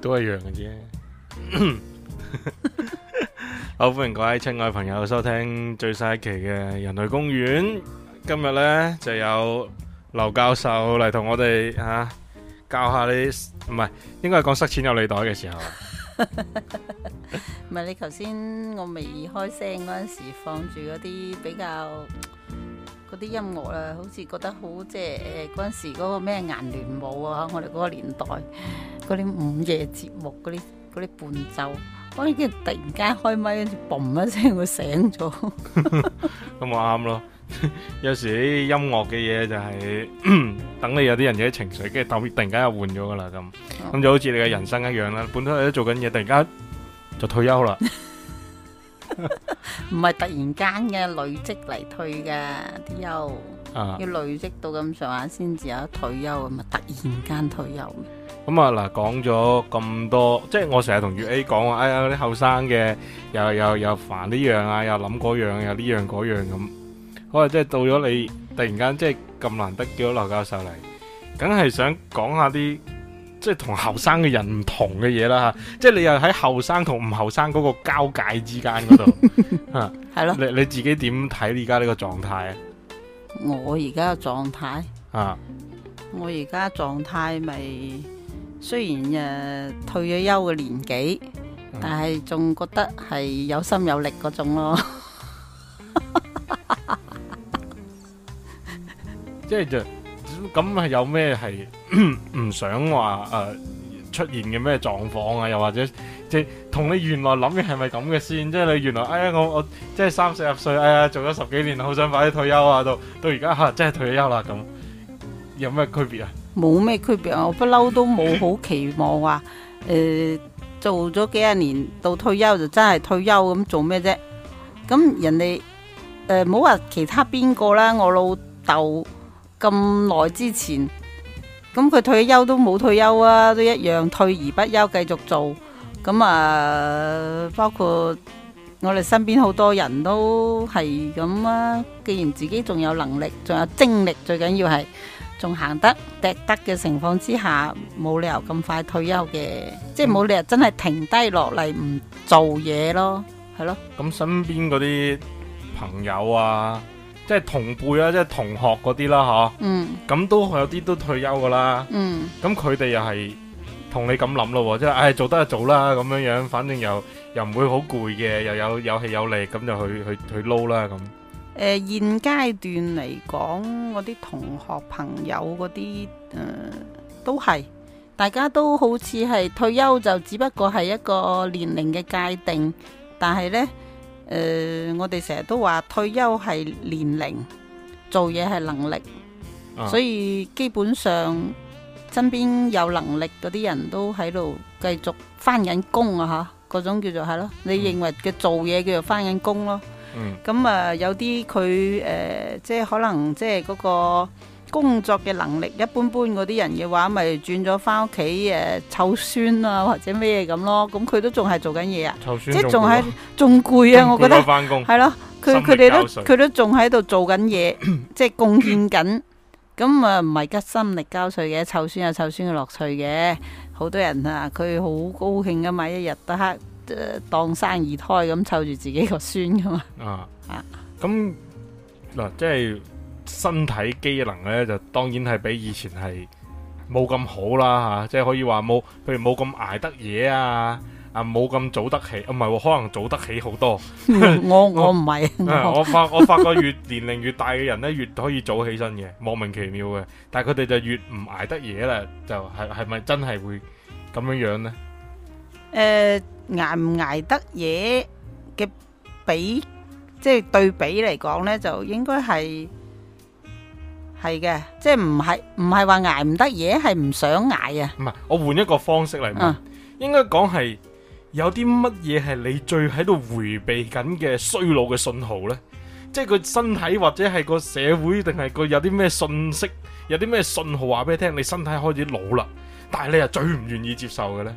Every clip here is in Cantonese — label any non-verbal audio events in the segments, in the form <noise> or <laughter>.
都一樣嘅啫。好，歡迎各位親愛朋友收聽最新一期嘅《人類公園》。今日呢，就有劉教授嚟同我哋吓、啊、教下你，唔係應該係講塞錢有你袋嘅時候、啊 <laughs> <laughs> 唔係。唔係你頭先我未開聲嗰陣時，放住嗰啲比較。嗰啲音樂啊，好似覺得好即係誒嗰陣時嗰個咩顏聯舞啊，我哋嗰個年代嗰啲午夜節目嗰啲啲伴奏，跟住突然間開咪，嘣一聲，會醒咗。咁我啱咯，有時啲音樂嘅嘢就係、是、等你有啲人嘅情緒，跟住突然間又換咗噶啦咁，咁就好似你嘅人生一樣啦。本身喺度做緊嘢，突然間就退休啦。 <laughs> 唔係突然間嘅累積嚟，退嘅啲休，要累積到咁上下先至有退休咁啊！突然間退休咁啊嗱，講咗咁多，即係我成日同月 A 講話，哎呀啲後生嘅又又又煩呢樣啊，又諗嗰樣又呢樣嗰樣咁，可能即係到咗你突然間即係咁難得叫到劉教授嚟，梗係想講下啲。即係同後生嘅人唔同嘅嘢啦吓，即係你又喺後生同唔後生嗰個交界之間嗰度、， <laughs> 啊、係咯，你你自己點睇而家呢個狀態啊？我而家嘅狀態啊，我而家狀態咪雖然誒退咗休嘅年紀、嗯，但係仲覺得係有心有力嗰種咯。 <laughs> 即係就。咁咁係有咩係唔想話誒、呃、出現嘅咩狀況啊？又或者即係同你原來諗嘅係咪咁嘅先？即係你原來哎呀我我即係三四十歲哎呀做咗十幾年好想快啲退休啊，到到而家吓真係退休啦咁，有咩區別啊？冇咩區別啊！我不嬲都冇好期望話誒、 <laughs> 呃、做咗幾廿年到退休就真係退休咁做咩啫？咁人哋誒唔好話其他邊個啦，我老豆。咁耐之前，咁佢退休都冇退休啊，都一樣退而不休繼續做。咁啊、呃，包括我哋身邊好多人都係咁啊。既然自己仲有能力，仲有精力，最緊要係仲行得趯得嘅情況之下，冇理由咁快退休嘅。嗯、即係冇理由真係停低落嚟，唔做嘢咯，係咯。咁身邊嗰啲朋友啊。即係同輩啦，即係同學嗰啲啦，嚇，咁都有啲都退休㗎啦，咁佢哋又係同你咁諗咯，即係唉，做得就做啦，咁樣樣，反正又又唔會好攰嘅，又有有氣有力，咁就去去去撈啦，咁。誒，現階段嚟講，嗰啲同學朋友嗰啲，誒，都係大家都好似係退休就只不過係一個年齡嘅界定，但係呢。誒、呃，我哋成日都話退休係年齡，做嘢係能力，啊、所以基本上身邊有能力嗰啲人都喺度繼續翻緊工啊！嚇，嗰種叫做係咯，嗯、你認為嘅做嘢叫做翻緊工咯。咁、嗯、啊、呃，有啲佢誒，即係可能即係、那、嗰個。工作嘅能力一般般，嗰啲人嘅話，咪轉咗翻屋企誒湊孫啊，或者咩嘢咁咯。咁佢都仲係做緊嘢啊，即仲係仲攰啊！我覺得係咯，佢佢哋都佢都仲喺度做緊嘢，即係貢獻緊。咁啊，唔係吉心力交瘁嘅，湊孫 <coughs> 有湊孫嘅樂趣嘅。好多人啊，佢好高興噶、啊、嘛，一日到黑、呃、當生二胎咁湊住自己個孫噶嘛。啊啊，咁嗱、啊，即係。身體機能咧就當然係比以前係冇咁好啦吓，即係可以話冇，譬如冇咁捱得嘢啊，啊冇咁早得起，唔係喎，可能早得起好多。我我唔係，我發我發覺越年齡越大嘅人咧，越可以早起身嘅，莫名其妙嘅。但係佢哋就越唔捱得嘢啦，就係係咪真係會咁樣樣呢？誒，捱唔捱得嘢嘅比，即係對比嚟講咧，就應該係。係嘅，即係唔係唔係話挨唔得嘢，係唔想挨啊！唔係，我換一個方式嚟問，嗯、應該講係有啲乜嘢係你最喺度回避緊嘅衰老嘅信號呢？即係個身體或者係個社會，定係個有啲咩信息，有啲咩信號話俾你聽，你身體開始老啦，但係你又最唔願意接受嘅呢？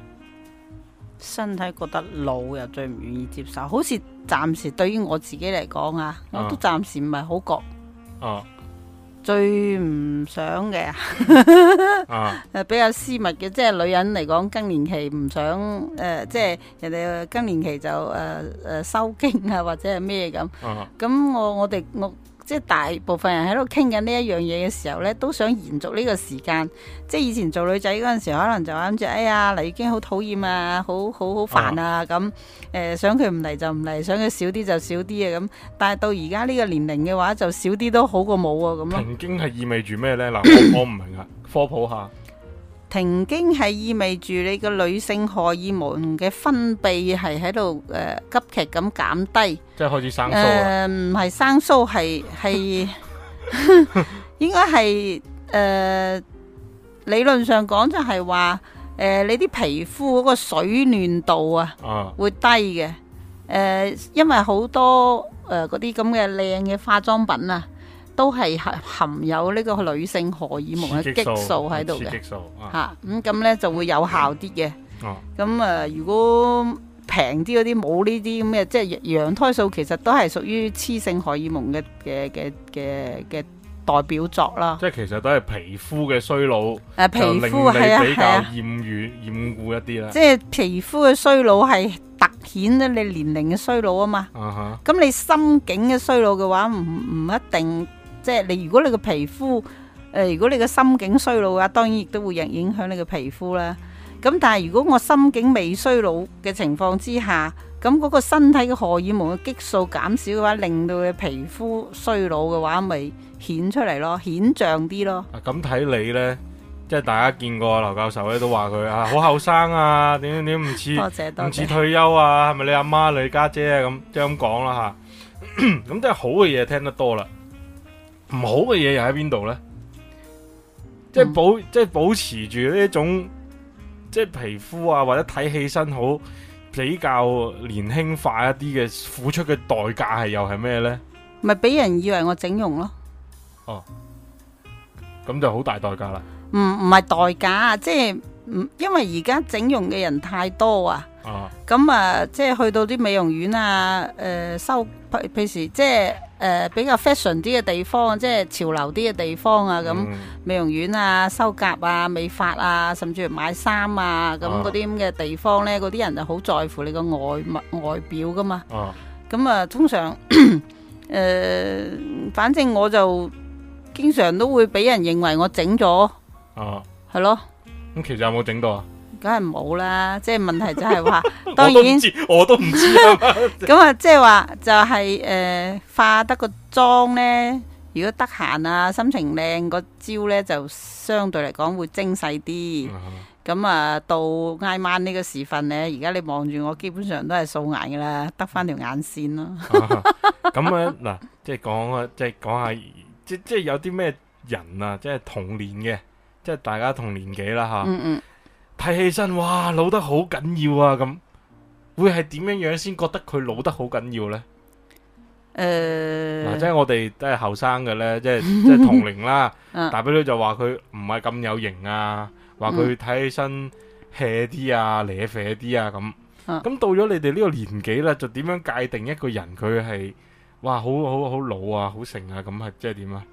身體覺得老又最唔願意接受，好似暫時對於我自己嚟講啊，我都暫時唔係好覺哦。嗯最唔想嘅，啊，比較私密嘅，即係女人嚟講，更年期唔想，誒、呃，即係人哋更年期就誒誒、呃呃、收經啊，或者係咩咁，咁我我哋我。我即係大部分人喺度傾緊呢一樣嘢嘅時候呢，都想延續呢個時間。即係以前做女仔嗰陣時候，可能就諗住哎呀嚟月經好討厭啊，好好好煩啊咁。誒、啊，想佢唔嚟就唔嚟，想佢少啲就少啲啊咁。但係到而家呢個年齡嘅話，就少啲都好過冇啊咁咯。停經係意味住咩呢？嗱， <coughs> 我唔明啊，科普下。停經係意味住你個女性荷爾蒙嘅分泌係喺度誒急劇咁減低，即係開始生疏啦。誒唔係生疏係係，應該係誒理論上講就係話誒你啲皮膚嗰個水嫩度啊，會低嘅。誒因為好多誒嗰啲咁嘅靚嘅化妝品啊。都係含含有呢個女性荷爾蒙嘅激素喺度嘅，激素吓咁咁咧就會有效啲嘅。咁啊、呃，如果平啲嗰啲冇呢啲咁嘅，即係羊胎素，其實都係屬於雌性荷爾蒙嘅嘅嘅嘅嘅代表作啦。即係其實都係皮膚嘅衰老，皮膚就令你比較艷遇艷顧一啲啦。即、就、係、是、皮膚嘅衰老係凸顯得你年齡嘅衰老啊嘛。咁、啊、你心境嘅衰老嘅話，唔唔一定。即係你，如果你個皮膚誒、呃，如果你個心境衰老嘅話，當然亦都會影影響你個皮膚啦。咁但係如果我心境未衰老嘅情況之下，咁嗰個身體嘅荷爾蒙嘅激素減少嘅話，令到佢皮膚衰老嘅話，咪顯出嚟咯，顯脹啲咯。咁、啊、睇你呢，即係大家見過劉教授咧，都話佢啊好後生啊，點點點唔似唔似退休啊，係 <laughs> 咪你阿媽，媽你家姐咁即係咁講啦吓？咁都係好嘅嘢，聽得多啦。唔好嘅嘢又喺邊度呢？嗯、即係保，即係保持住呢一種即係皮膚啊，或者睇起身好比較年輕化一啲嘅，付出嘅代價係又係咩呢？咪俾人以為我整容咯。哦，咁就好大代價啦。唔，唔係代價，即係因為而家整容嘅人太多啊。啊，咁啊，即係去到啲美容院啊，誒、呃，收譬譬如即係。誒、呃、比較 fashion 啲嘅地方，即係潮流啲嘅地方啊，咁、嗯、美容院啊、修甲啊、美髮啊，甚至買衫啊，咁嗰啲咁嘅地方咧，嗰啲人就好在乎你個外物外表噶嘛。哦，咁啊，通常誒、 <coughs> 呃，反正我就經常都會俾人認為我整咗。哦，係咯。咁、嗯、其實有冇整到啊？梗係冇啦，即係問題就係話，當然 <laughs> 我都唔知，我都唔知啦。咁啊，即係話就係誒、就是呃、化得個妝呢，如果得閒啊，心情靚，個招呢，就相對嚟講會精細啲。咁、嗯、啊、嗯，到挨晚呢個時份呢，而家你望住我，基本上都係素顏噶啦，得翻條眼線咯。咁、嗯、啊，嗱、嗯，即係講啊，即係講下，即即係有啲咩人啊，即係同年嘅，即係大家同年紀啦吓。睇起身，哇，老得好緊要啊！咁會係點樣樣先覺得佢老得好緊要咧？誒，嗱，即係我哋都係後生嘅咧，即係即係同齡啦。大表女就話佢唔係咁有型啊，話佢睇起身 hea 啲啊，咧啡啲啊咁。咁到咗你哋呢個年紀咧，就點樣界定一個人佢係哇好好好老啊，好成啊？咁係即係點啊？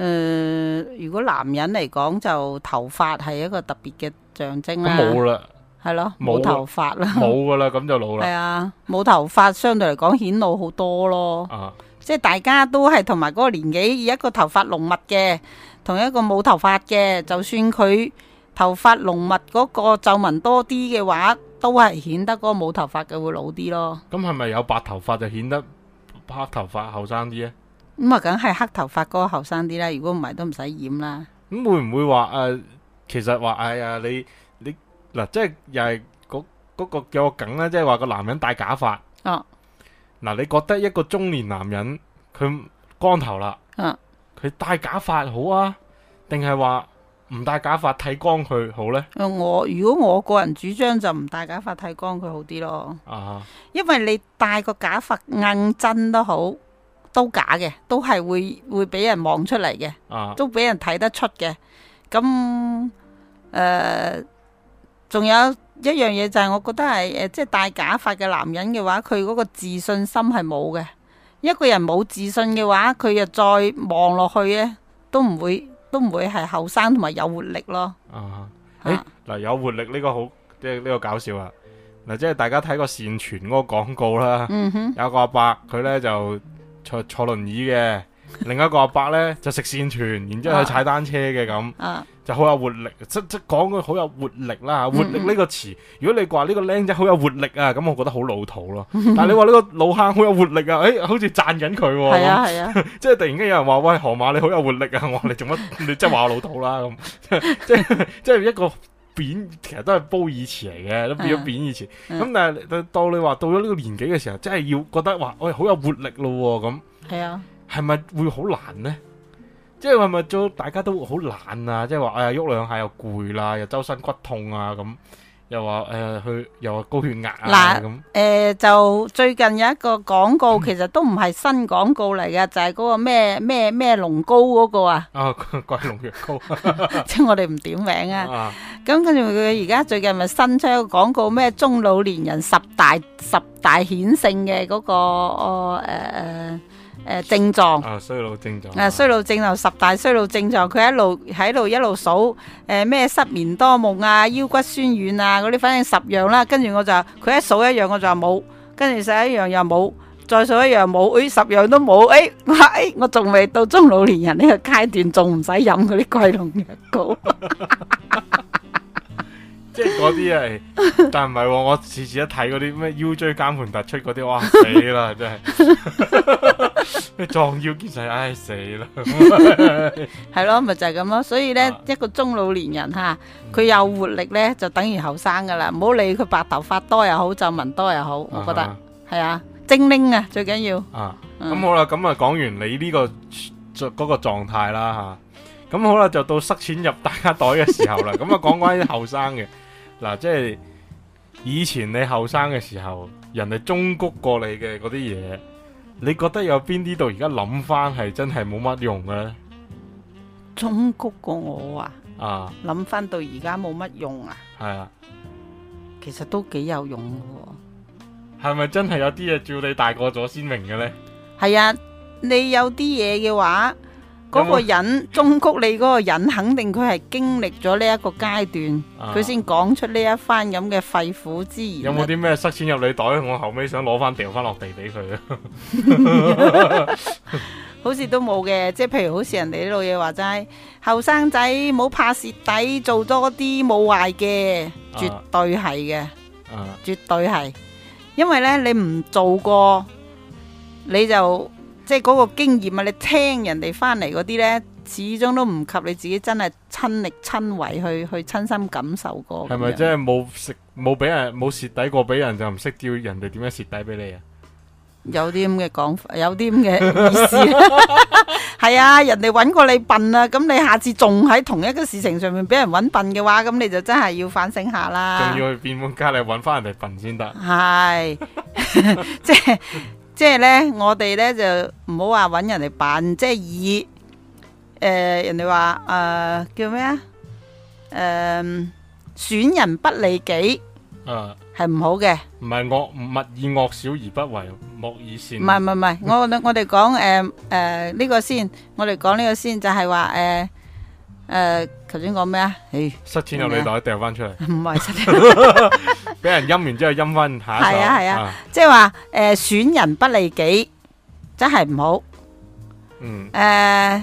誒，如果男人嚟講就頭髮係一個特別嘅象徵啦，咁冇啦，係咯，冇頭髮啦，冇噶啦，咁就老啦，係啊，冇頭髮相對嚟講顯老好多咯，啊，即係大家都係同埋嗰個年紀，一個頭髮濃密嘅，同一個冇頭髮嘅，就算佢頭髮濃密嗰個皺紋多啲嘅話，都係顯得嗰個冇頭髮嘅會老啲咯。咁係咪有白頭髮就顯得黑頭髮後生啲啊？咁啊，梗係黑頭髮嗰個後生啲啦，如果唔係都唔使染啦。咁會唔會話誒、呃，其實話哎呀，你你嗱、呃，即係又係、嗰個叫個梗咧，即係話個男人戴假髮。哦、啊。嗱、呃，你覺得一個中年男人佢光頭啦，佢、啊、戴假髮好啊，定係話唔戴假髮剃光佢好呢？呃、我如果我個人主張就唔戴假髮剃光佢好啲咯。啊。因為你戴個假髮硬真都好。都假嘅，都係會會俾人望出嚟嘅、啊，都俾人睇得出嘅。咁誒，仲、呃、有一樣嘢就係，我覺得係誒，即、就、係、是、戴假髮嘅男人嘅話，佢嗰個自信心係冇嘅。一個人冇自信嘅話，佢又再望落去咧，都唔會都唔會係後生同埋有活力咯。啊，嗱、欸啊，有活力呢個好即係呢個搞笑啊。嗱，即係大家睇、個善傳嗰個廣告啦、嗯，有個阿伯佢咧就。坐坐輪椅嘅，另一個阿伯咧就食線泉，然之後去踩單車嘅咁、啊，就好有活力。即即講句好有活力啦，活力呢個詞，嗯嗯如果你話呢個僆仔好有活力啊，咁我覺得好老土咯。嗯、但係你話呢個老坑好有活力啊，誒、欸，好似讚緊佢，係啊係啊，即係突然間有人話喂河馬你好有活力啊，我話你做乜， <laughs> 你即係話我老土啦咁，即即一個。貶其實都係褒義詞嚟嘅，都變咗貶義詞。咁、嗯嗯、但係到你話到咗呢個年紀嘅時候，真係要覺得話，我好、哎、有活力咯咁。係啊，係咪會好難呢？即係係咪做大家都好懶啊？即係話哎呀，喐兩下又攰啦，又周身骨痛啊咁。又話誒去，又話高血壓啊咁誒，就最近有一個廣告，其實都唔係新廣告嚟㗎，就係嗰個咩咩咩龍膏嗰個啊啊怪龍藥膏，即係我哋唔點名啊。咁跟住佢而家最近咪新出一個廣告，咩中老年人十大十大顯性嘅嗰個哦誒誒。誒、呃，症狀啊，衰老症狀啊，啊衰老症狀十大衰老症狀，佢一路喺度一路數，誒、呃、咩失眠多夢啊，腰骨酸軟啊，嗰啲反正十樣啦，跟住我就佢一數一樣，我就冇，跟住數一樣又冇，再數一樣冇，咦、哎、十樣都冇，誒、哎哎、我誒我仲未到中老年人呢個階段，仲唔使飲嗰啲桂龍藥膏。 <laughs> <laughs> 即係嗰啲係，但唔係喎！我次次一睇嗰啲咩腰椎間盤突出嗰啲，哇死啦！真係咩壯腰健腎，唉死啦！係咯，咪就係咁咯。所以咧，一個中老年人吓，佢有活力咧，就等於後生噶啦。唔好理佢白頭髮多又好，皺紋多又好，我覺得係啊，精靈啊，最緊要啊。咁好啦，咁啊講完你呢個狀嗰個狀態啦吓。咁好啦，就到塞錢入大家袋嘅時候啦。咁啊，講翻啲後生嘅，嗱，即係以前你後生嘅時候，人哋中谷過你嘅嗰啲嘢，你覺得有邊啲度而家諗翻係真係冇乜用嘅咧？中谷過我啊！啊，諗翻到而家冇乜用啊？係啊，其實都幾有用嘅喎。係咪真係有啲嘢照你大個咗先明嘅咧？係啊，你有啲嘢嘅話。嗰個人，中谷，你嗰個人肯定佢係經歷咗呢一個階段，佢先講出呢一番咁嘅肺腑之言。有冇啲咩塞錢入你袋？我後尾想攞翻，掉翻落地俾佢啊！好似都冇嘅，即係譬如好似人哋啲老嘢話齋，後生仔冇怕蝕底，做多啲冇壞嘅，絕對係嘅，絕對係，因為呢你唔做過，你就。即係嗰個經驗啊！你聽人哋翻嚟嗰啲呢，始終都唔及你自己真係親力親為去去親身感受是是是過。係咪真係冇食冇俾人冇蝕底過，俾人就唔識叫人哋點樣蝕底俾你啊？有啲咁嘅講法，有啲咁嘅意思。係 <laughs> <laughs> 啊，人哋搵過你笨啦，啊，咁你下次仲喺同一個事情上面俾人揾笨嘅話，咁你就真係要反省下啦。仲要去變本加厲揾翻人哋笨先得。係， <laughs> 即係。即係咧，我哋咧就唔好話搵人嚟辦，即、就、係、是、以誒、呃、人哋話誒叫咩啊？誒、呃，損人不利己，誒係唔好嘅。唔係惡勿以惡小而不為，莫以善。唔係唔係唔係，我我哋講誒誒呢個先，我哋講呢個先，就係話誒。呃誒，頭先講咩啊？誒，失錢有你袋，掉翻出嚟。唔係失錢，俾人陰完之後陰翻下一個。係啊係啊，即係話誒，損人不利己，真係唔好。嗯。誒，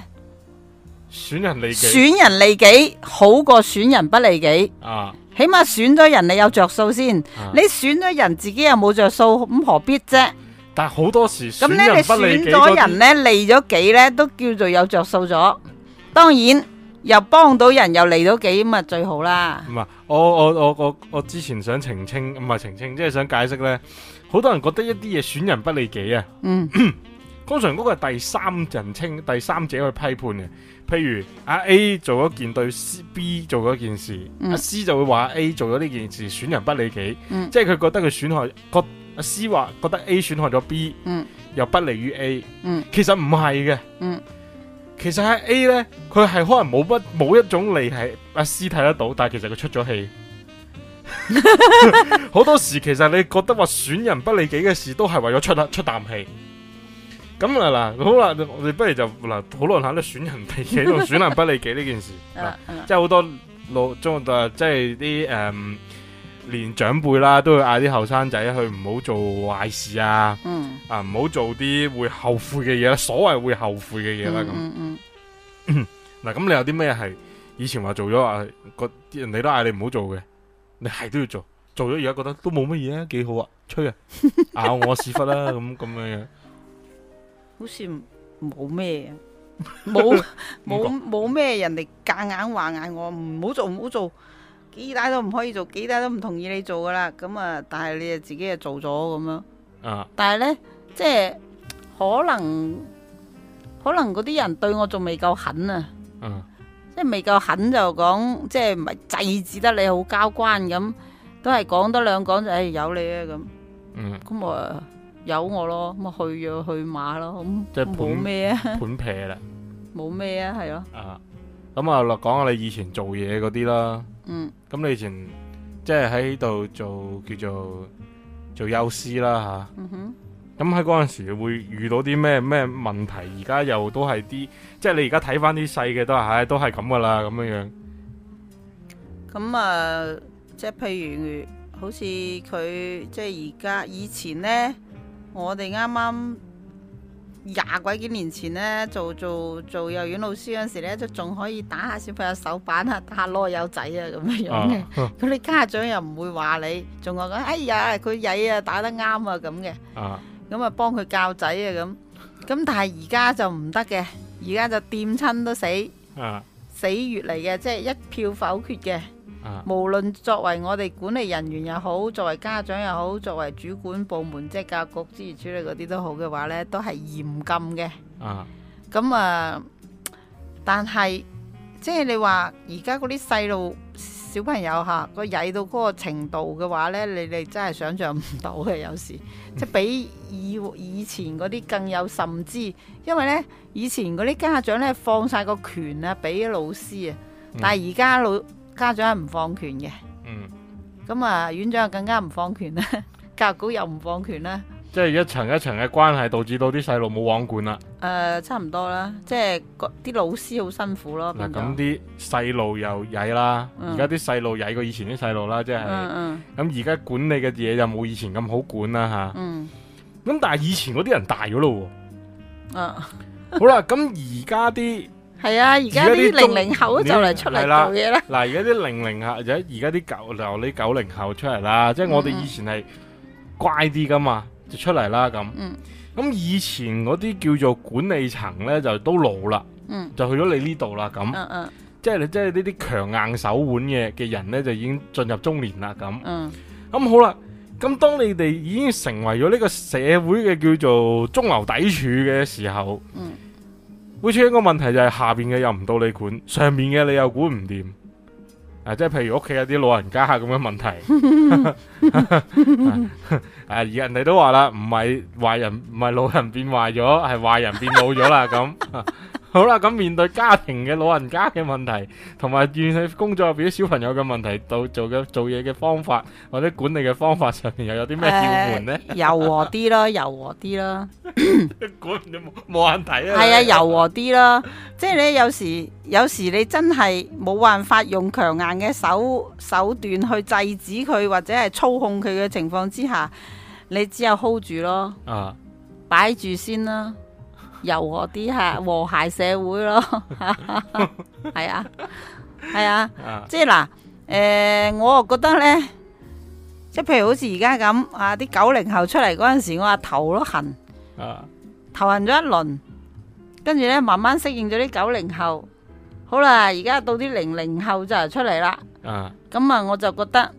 損人利己。損人利己好過損人不利己。啊。起碼損咗人，你有着數先。你損咗人，自己又冇着數，咁何必啫？但係好多時。咁咧，你損咗人咧，利咗己咧，都叫做有着數咗。當然。又幫到人又利到己，咪最好啦。唔係，我我我我我之前想澄清，唔係澄清，即係想解釋咧。好多人覺得一啲嘢損人不利己啊。嗯，通常嗰個係第三人稱、第三者去批判嘅，譬如阿 A 做咗件對 B 做咗件事，阿、嗯、C 就會話 A 做咗呢件事損人不利己。嗯、即係佢覺得佢損害，阿 C 話覺得 A 損害咗 B。嗯，又不利於 A。嗯，其實唔係嘅。嗯。其實喺 A 咧，佢係可能冇乜冇一種利係阿 C 睇得到，但係其實佢出咗氣，好 <laughs> <laughs> 多時其實你覺得話損人不利己嘅事都是為了出，都係為咗出出啖氣。咁啊嗱，好啦，我哋不如就嗱討論下啲損人利己同損人不利己呢件事， <laughs> 那 <laughs> 即係好多老中誒、呃，即係啲誒。呃連長輩啦，都會嗌啲後生仔去唔好做壞事啊！嗯，啊唔好做啲會後悔嘅嘢，所謂會後悔嘅嘢啦。嗱，咁你有啲咩係以前話做咗啊？啲人哋都嗌你唔好做嘅，你係都要做，做咗而家覺得都冇乜嘢啊，幾好啊，吹啊，咬我屎忽啦咁咁嘅樣。好似冇咩，冇冇冇咩人哋夾硬話嗌我唔好做唔好做。幾大都唔可以做，幾大都唔同意你做噶啦。咁啊，但係你就自己就做咗咁樣。啊！但係咧，即係可能可能嗰啲人對我仲未夠狠啊。嗯。即係未夠狠就講，即係唔係制止得你好交關咁，都係講多兩講就誒，由你啊咁。嗯。咁啊，由我咯，咁啊去就去馬咯，咁冇咩啊，盤撇啦，冇咩啊，係咯。啊！咁啊，講下你以前做嘢嗰啲啦。嗯，咁你以前即係喺度做叫做做幼師啦吓哼，咁喺嗰陣時會遇到啲咩咩問題？而家又都係啲，即係你而家睇翻啲細嘅都係，都係咁噶啦，咁樣樣。咁，嗯啊，即係譬如好似佢即係而家以前呢，我哋啱啱。廿鬼幾年前呢，做做做幼兒園老師嗰時呢，就仲可以打下小朋友手板啊，打下囉柚仔啊，咁樣嘅。咁、啊、你 <laughs> 家長又唔會話你，仲話講哎呀佢曳啊打得啱啊咁嘅。啊，咁啊幫佢教仔啊咁。咁但係而家就唔得嘅，而家就掂親都死。啊、死穴嚟嘅，即、就、係、是、一票否決嘅。無論作為我哋管理人員又好，作為家長又好，作為主管部門即係教育局、之源處嗰啲都好嘅話呢，都係嚴禁嘅。啊、uh-huh.，咁、呃、啊，但係即係你話而家嗰啲細路小朋友嚇個曳到嗰個程度嘅話呢，你哋真係想象唔到嘅。有時即係比以以前嗰啲更有，甚至因為呢以前嗰啲家長呢，放晒個權啊俾老師啊，uh-huh. 但係而家老。家長係唔放權嘅，咁、嗯、啊，院長又更加唔放權啦，教育局又唔放權啦，即係一層一層嘅關係，導致到啲細路冇網管啦。誒，差唔多啦，即係啲老師好辛苦咯。嗱、啊，咁啲細路又曳啦，而家啲細路曳過以前啲細路啦，即係咁而家管理嘅嘢又冇以前咁好管啦、啊、吓。咁、嗯嗯啊、但係以前嗰啲人大咗咯，嗯，好啦，咁而家啲。 <laughs> 係啊，而家啲零零後就嚟出嚟做嘢啦。嗱，而家啲零零後，而家啲九就啲九零後出嚟啦。嗯嗯，即係我哋以前係乖啲噶嘛，就出嚟啦咁。咁、嗯嗯、以前嗰啲叫做管理層咧，就都老啦。就去咗你呢度啦咁。即係你即係呢啲強硬手腕嘅嘅人咧，就已經進入中年啦咁。咁、嗯嗯嗯、好啦，咁當你哋已經成為咗呢個社會嘅叫做中流砥柱嘅時候，嗯，嗯。會出現一個問題，就係下邊嘅又唔到你管，上邊嘅你又管唔掂。啊，即係譬如屋企有啲老人家咁嘅問題。誒、 <laughs> <laughs> 啊啊，而人哋都話啦，唔係壞人，唔係老人變壞咗，係壞人變老咗啦咁。好啦，咁面對家庭嘅老人家嘅問題，同埋面對工作入邊啲小朋友嘅問題，到做嘅做嘢嘅方法或者管理嘅方法上面又有啲咩竅門呢？呃？柔和啲咯，柔和啲咯， <coughs> 管你冇冇問題啦，啊。係啊，柔和啲咯， <coughs> 即係你有時有時你真係冇辦法用強硬嘅手手段去制止佢或者係操控佢嘅情況之下，你只有 hold 住咯，擺，啊、住先啦。柔和啲係，和諧社會咯，係啊，係啊，即係嗱，誒，我又覺得呢，即係譬如好似而家咁啊，啲九零後出嚟嗰陣時，我話頭都痕，頭痕咗一輪，跟住呢慢慢適應咗啲九零後，好啦，而家到啲零零後就出嚟啦，咁啊，我就覺得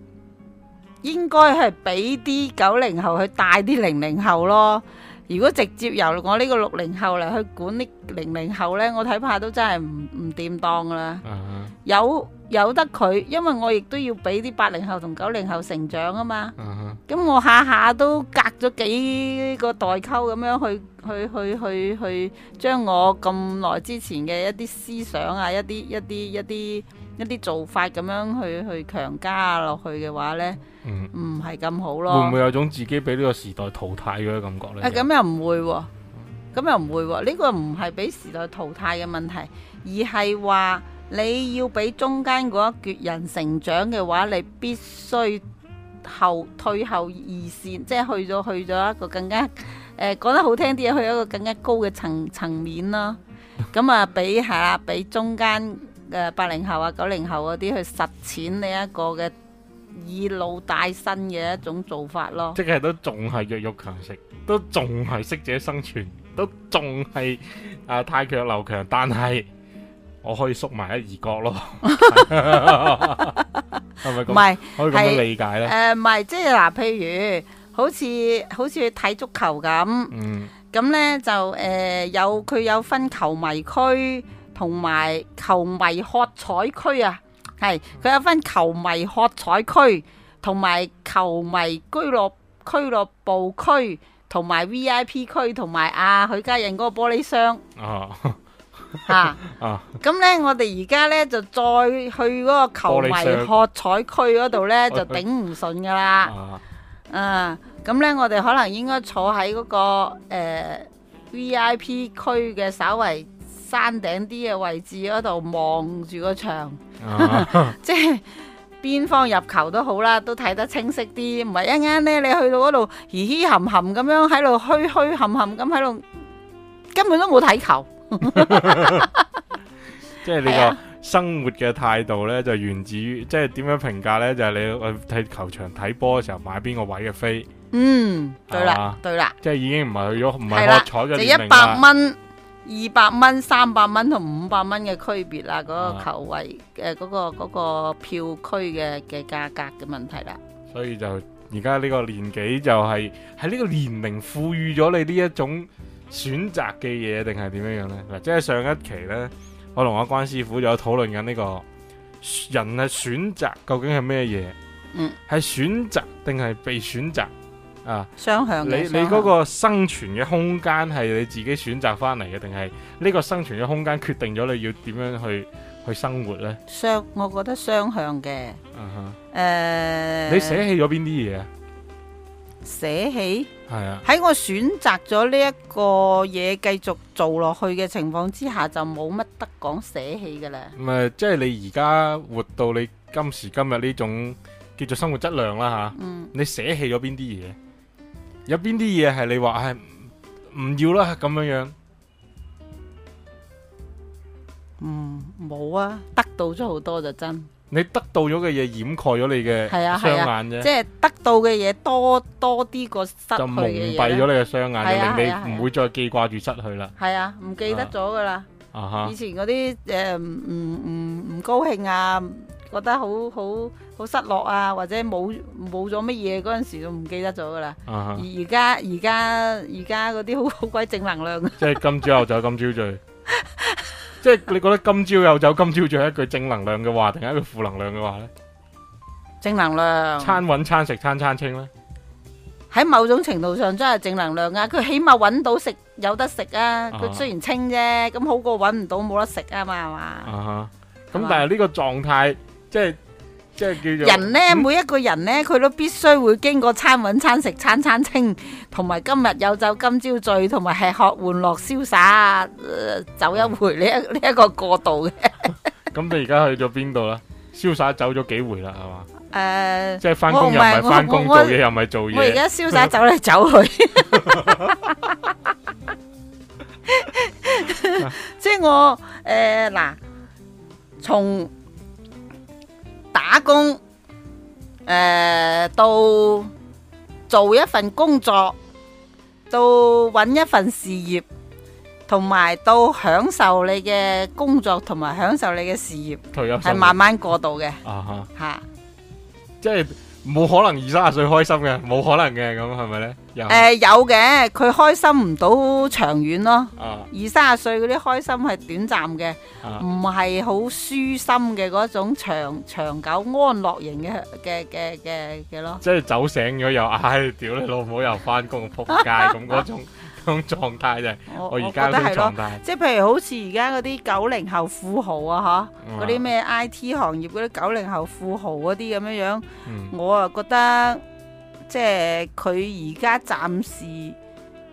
應該係俾啲九零後去帶啲零零後咯。如果直接由我呢個六零後嚟去管啲零零後呢，我睇怕都真係唔唔掂當㗎啦、uh-huh.。有有得佢，因為我亦都要俾啲八零後同九零後成長啊嘛。咁、uh-huh. 嗯、我下下都隔咗幾個代溝咁樣去去去去去，將我咁耐之前嘅一啲思想啊、一啲一啲一啲一啲做法咁樣去去強加落去嘅話呢。唔唔係咁好咯，會唔會有種自己俾呢個時代淘汰嘅感覺咧？咁、啊、又唔會、啊，咁又唔會、啊，呢、呢個唔係俾時代淘汰嘅問題，而係話你要俾中間嗰一橛人成長嘅話，你必須後退後二線，即係去咗去咗一個更加誒講、呃、得好聽啲嘅去一個更加高嘅層層面咯。咁 <laughs> 啊，俾下俾中間嘅八零後啊、九零後嗰啲去實踐你一個嘅。以老帶新嘅一種做法咯，即係都仲係弱肉強食，都仲係適者生存，都仲係啊太強留強，但係我可以縮埋一隅角咯，係咪咁？唔係，可以咁樣理解咧？誒，唔、呃、係，即係嗱、呃，譬如好似好似去睇足球咁，咁、嗯、咧就誒、呃、有佢有分球迷區同埋球迷喝彩區啊。係，佢有分球迷喝彩區同埋球迷俱樂俱樂部區，同埋 VIP 區，同埋啊許家印嗰個玻璃箱。 <laughs> 啊，咁呢，我哋而家呢，就再去嗰個球迷喝彩區嗰度呢，就頂唔順㗎喇。啊，咁呢，我哋可能應該坐喺嗰、那個誒、呃、VIP 區嘅稍為山頂啲嘅位置嗰度，望住個場， <laughs> 即係邊方入球都好啦，都睇得清晰啲。唔係一陣咧，你去到嗰度，嘻嘻冚冚咁樣喺度，虛虛冚冚咁喺度，根本都冇睇球。 <laughs> <laughs> <laughs> 即係你個生活嘅態度咧，就源自於即係點樣評價咧？就係、是、你去睇球場睇波嘅時候，買邊個位嘅飛？嗯，對啦，對啦，即係已經唔係去咗唔係博彩嘅你一百蚊。就是二百蚊、三百蚊同五百蚊嘅區別啦，嗰、嗰個球位嘅嗰個票區嘅嘅價格嘅問題啦。所以就而家呢個年紀就係喺呢個年齡賦予咗你呢一種選擇嘅嘢，定係點樣樣呢？嗱，即係上一期呢，我同阿關師傅有討論緊呢、呢個人嘅選擇究竟係咩嘢？嗯，係選擇定係被選擇？啊，雙向嘅。你你嗰個生存嘅空間係你自己選擇翻嚟嘅，定係呢個生存嘅空間決定咗你要點樣去去生活呢？雙，我覺得雙向嘅。嗯、uh-huh. 呃、你捨棄咗邊啲嘢？捨棄？係啊。喺我選擇咗呢一個嘢繼續做落去嘅情況之下，就冇乜得講捨棄嘅啦。唔係，即係你而家活到你今時今日呢種叫做生活質量啦嚇、嗯。你捨棄咗邊啲嘢？有邊啲嘢係你話係唔要啦？咁樣樣，嗯，冇啊，得到咗好多就真。你得到咗嘅嘢掩蓋咗你嘅係啊，雙眼啫係啊，即係得到嘅嘢多多啲過失去嘅嘢，就蒙蔽咗你嘅雙眼，令你唔會再記掛住失去啦。係啊，唔記得咗噶啦。啊哈！以前嗰啲誒，唔唔唔唔高興啊。覺得好好好失落啊，或者冇冇咗乜嘢嗰陣時就唔記得咗噶啦。而而家而家而家嗰啲好好鬼正能量。即係今朝有酒今朝醉，即係你覺得今朝有酒今朝醉係一句正能量嘅話定係一句負能量嘅話咧？正能量。餐揾餐食餐餐清咧。喺某種程度上真係正能量啊！佢起碼揾到食有得食啊！佢雖然清啫，咁好過揾唔到冇得食啊嘛係嘛。啊哈！咁但係呢個狀態。即係即係叫做人咧，每一個人咧，佢都必須會經過餐揾餐食，餐餐清，同埋今日有酒今朝醉，同埋吃喝玩樂瀟灑啊，走一回呢一呢一個過渡嘅。咁你而家去咗邊度啦？瀟灑走咗幾回啦？係嘛？誒，即係翻工又唔係翻工做嘢，又唔係做嘢。我而家瀟灑走嚟走去，即係我誒嗱，從。打工，誒、呃，到做一份工作，到揾一份事業，同埋到享受你嘅工作同埋享受你嘅事業，係慢慢過渡嘅。吓、uh-huh. 即係冇可能二三十歲開心嘅，冇可能嘅，咁係咪咧？誒，有嘅，佢、呃、開心唔到長遠咯、啊。二三十歲嗰啲開心係短暫嘅，唔係好舒心嘅嗰種長長久安樂型嘅嘅嘅嘅咯。即係走醒咗又，唉，屌你老母又翻工 <laughs> 仆街咁的嗰種。 <laughs> 種狀態、啊、就我而家嘅狀態，即係譬如好似而家嗰啲九零後富豪啊，吓嗰啲咩 IT 行業嗰啲九零後富豪嗰啲咁樣樣，嗯、我啊覺得即係佢而家暫時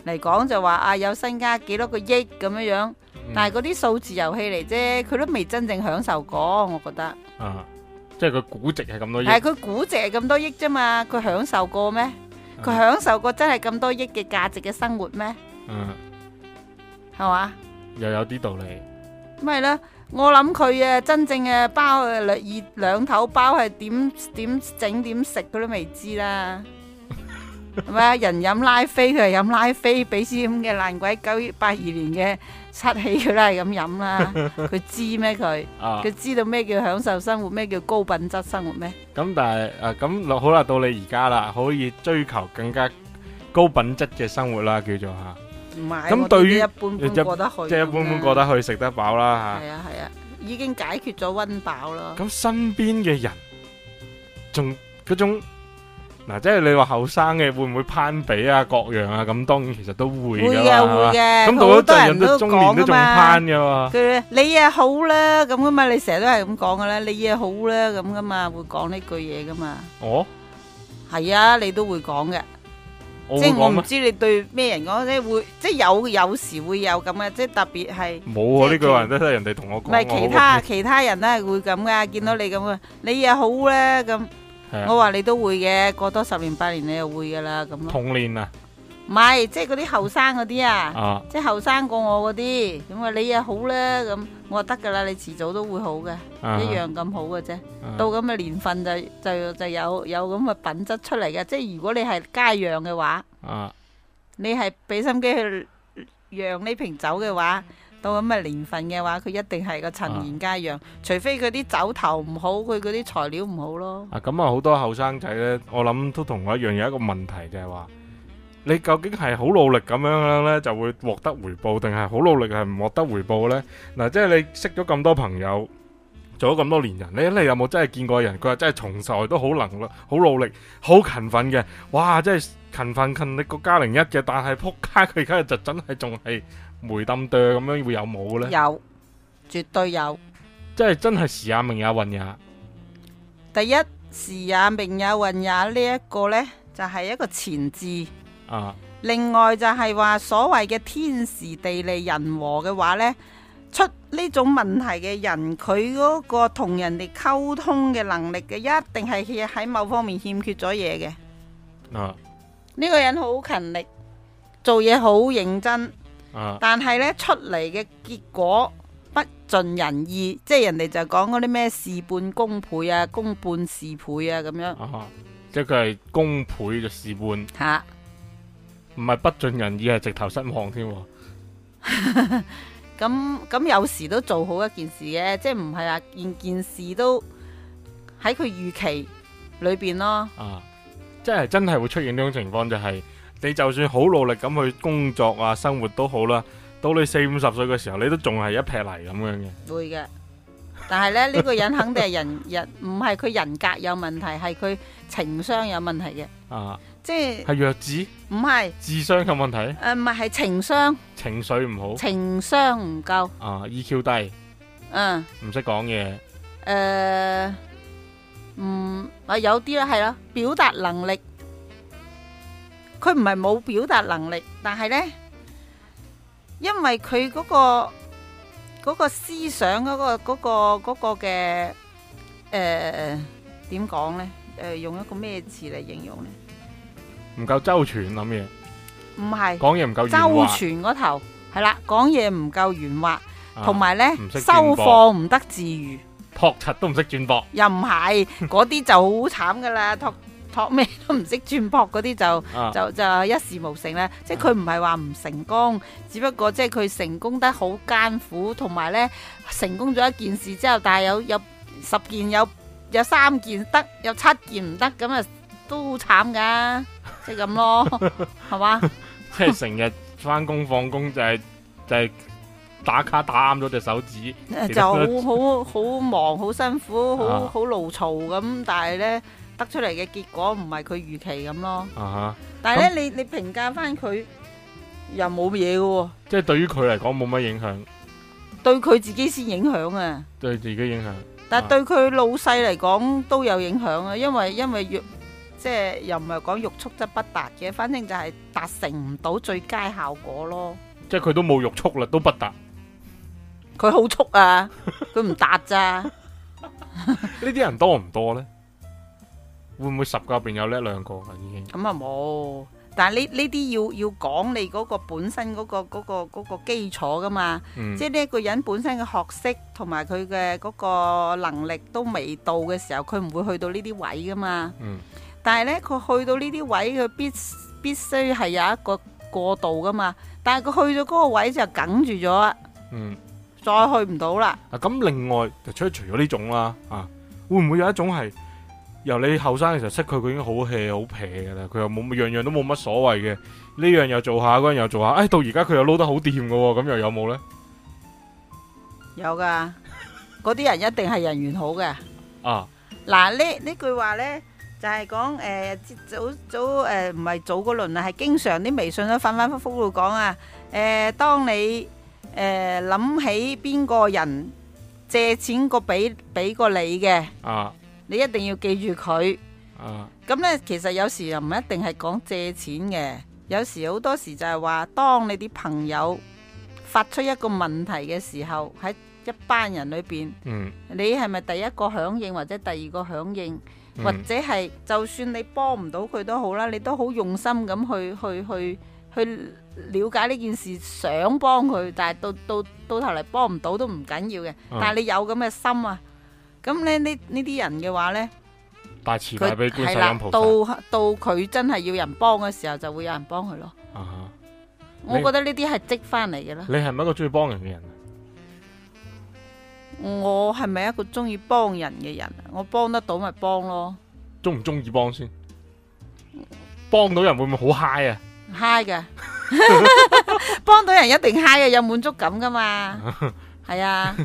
嚟講就話啊有身家幾多個億咁樣樣，但係嗰啲數字遊戲嚟啫，佢都未真正享受過，我覺得、嗯、啊，即係佢估值係咁多億，但係佢估值係咁多億啫嘛，佢享受過咩？佢、嗯、享受過真係咁多億嘅價值嘅生活咩？嗯，係嘛？又有啲道理。咪係咯，我諗佢啊，真正嘅包兩兩頭包係點點整點食，佢都未知啦。係咪啊？人飲拉菲，佢係飲拉菲，比斯咁嘅爛鬼九八二年嘅七喜，佢都係咁飲啦。佢知咩？佢佢知道咩叫享受生活，咩叫高品質生活咩？咁但係誒，咁好啦，到你而家啦，可以追求更加高品質嘅生活啦，叫做吓。唔係咁，對於一般般過得去，即係一般般過得去，食得飽啦吓。係啊係啊，已經解決咗溫飽啦。咁身邊嘅人仲嗰種。嗱，即係你話後生嘅會唔會攀比啊、各樣啊，咁當然其實都會嘅，會嘅？咁到咗陣，好多人都中年都仲攀噶嘛？你啊好啦，咁噶嘛？你成日都係咁講噶咧，你啊好啦，咁噶嘛？會講呢句嘢噶嘛？哦，係啊，你都會講嘅，即係我唔知你對咩人講，即係會，即係有有時會有咁嘅，即係特別係冇啊！呢句話都係人哋同我講，唔係其他其他人都係會咁噶，見到你咁嘅，你啊好啦咁。我話你都會嘅，過多十年八年你又會噶啦咁。同年啊，唔係，即係嗰啲後生嗰啲啊，uh-huh. 即係後生過我嗰啲，咁話你啊好啦，咁我話得噶啦，你遲早都會好嘅，uh-huh. 一樣咁好嘅啫。Uh-huh. 到咁嘅年份就就就有有咁嘅品質出嚟嘅，即係如果你係佳釀嘅話，uh-huh. 你係俾心機去釀呢瓶酒嘅話。到咁嘅年份嘅話，佢一定係個陳年佳釀。啊，除非佢啲酒頭唔好，佢嗰啲材料唔好咯。啊，咁啊好多後生仔呢，我諗都同我一樣有一個問題，就係、是、話你究竟係好努力咁樣樣呢，就會獲得回報，定係好努力係唔獲得回報呢？嗱、啊，即係你識咗咁多朋友。做咗咁多年人，你你有冇真係見過的人？佢話真係從來都好能力，好努力，好勤奮嘅。哇，真係勤奮勤力過加零一嘅，但係撲街佢而家就真係仲係梅凍哆咁樣，會有冇呢？有，絕對有。真係真係時也命也運也。第一時也命也運也呢一個呢，就係、是、一個前置。啊。另外就係話所謂嘅天時地利人和嘅話呢。出呢種問題嘅人，佢嗰個同人哋溝通嘅能力嘅，一定係喺某方面欠缺咗嘢嘅。啊，呢個人好勤力，做嘢好認真。啊，但係呢出嚟嘅結果不盡人意，即係人哋就講嗰啲咩事半功倍啊，功半事倍啊咁樣。啊，即係佢係功倍就事半。吓，唔係不盡人意，係直頭失望添。咁咁有時都做好一件事嘅，即係唔係話件件事都喺佢預期裏邊咯。啊，即係真係會出現呢種情況，就係、是、你就算好努力咁去工作啊，生活都好啦，到你四五十歲嘅時候，你都仲係一撇泥咁樣嘅。會嘅，但係咧呢、這個人肯定係人人唔係佢人格有問題，係佢情商有問題嘅。啊。即係弱智，唔係智商嘅問題。誒，唔係係情商，情緒唔好，情商唔夠啊，E.Q. 低，嗯，唔識講嘢誒，嗯啊有啲啦，係咯，表達能力佢唔係冇表達能力，但係咧，因為佢嗰個嗰個思想嗰個嗰個嗰個嘅誒點講咧？誒，用一個咩詞嚟形容咧？唔夠周全諗嘢，唔係講嘢唔夠周全嗰頭係啦。講嘢唔夠圓滑，同埋、啊、呢不收貨唔得自如，托柒都唔識轉膊，又唔係嗰啲就好慘噶啦。托托咩都唔識轉膊嗰啲就、啊、就就一事無成啦。即係佢唔係話唔成功、啊，只不過即係佢成功得好艱苦，同埋呢成功咗一件事之後，但係有有十件有有三件得，有七件唔得咁啊，都好慘噶。即係咁咯，係 <laughs> 嘛是吧？即係成日翻工放工就係、是、就係、是、打卡打啱咗隻手指，就好好 <laughs> 忙好辛苦，好好、啊、勞嘈咁。但係咧得出嚟嘅結果唔係佢預期咁咯。啊、但係咧、嗯、你你評價翻佢又冇嘢嘅，即係對於佢嚟講冇乜影響，對佢自己先影響啊！對自己影響，啊、但係對佢老細嚟講都有影響啊！因為因為即係又唔係講欲速則不達嘅，反正就係達成唔到最佳效果咯。即係佢都冇欲速啦，都不達。佢好速啊，佢唔達咋？呢 <laughs> 啲 <laughs> 人多唔多咧？會唔會十個入邊有呢兩個啊？已經咁啊冇，但係呢呢啲要要講你嗰個本身嗰、嗰個、嗰個、嗰個基礎噶嘛。即係呢個人本身嘅學識同埋佢嘅嗰個能力都未到嘅時候，佢唔會去到呢啲位噶嘛。嗯。但係咧，佢去到呢啲位，佢必必須係有一個過渡噶嘛。但係佢去咗嗰個位就梗住咗啦，再去唔到啦。啊，咁另外就除除咗呢種啦，啊，會唔會有一種係由你後生嘅時候識佢，佢已經好 hea 好撇噶啦，佢又冇樣樣都冇乜所謂嘅，呢樣又做下，嗰樣又做下，哎，到而家佢又撈得好掂噶，咁又有冇咧？有噶，嗰啲人一定係人緣好嘅。啊，嗱呢呢句話咧。就係講誒、呃、早早誒唔係早嗰輪啊，係經常啲微信都反反覆覆會講啊誒、呃，當你誒諗、呃、起邊個人借錢個俾俾過你嘅，啊，你一定要記住佢，啊呢，咁咧其實有時又唔一定係講借錢嘅，有時好多時就係話當你啲朋友發出一個問題嘅時候，喺一班人裏邊，嗯，你係咪第一個響應或者第二個響應？或者係就算你幫唔到佢都好啦，你都好用心咁去去去去了解呢件事，想幫佢，但係到到到頭嚟，幫唔到都唔緊要嘅、嗯。但係你有咁嘅心啊，咁咧呢呢啲人嘅話咧，大慈大悲觀世音菩薩，到到佢真係要人幫嘅時候，就會有人幫佢咯。Uh-huh. 我覺得呢啲係積翻嚟嘅啦，你係咪一個中意幫人嘅人啊？我係咪一個中意幫人嘅人？我幫得到咪幫咯。中唔中意幫先？幫到人會唔會好 high 啊？high 嘅，幫到人一定 high 嘅，有滿足感噶嘛。係啊，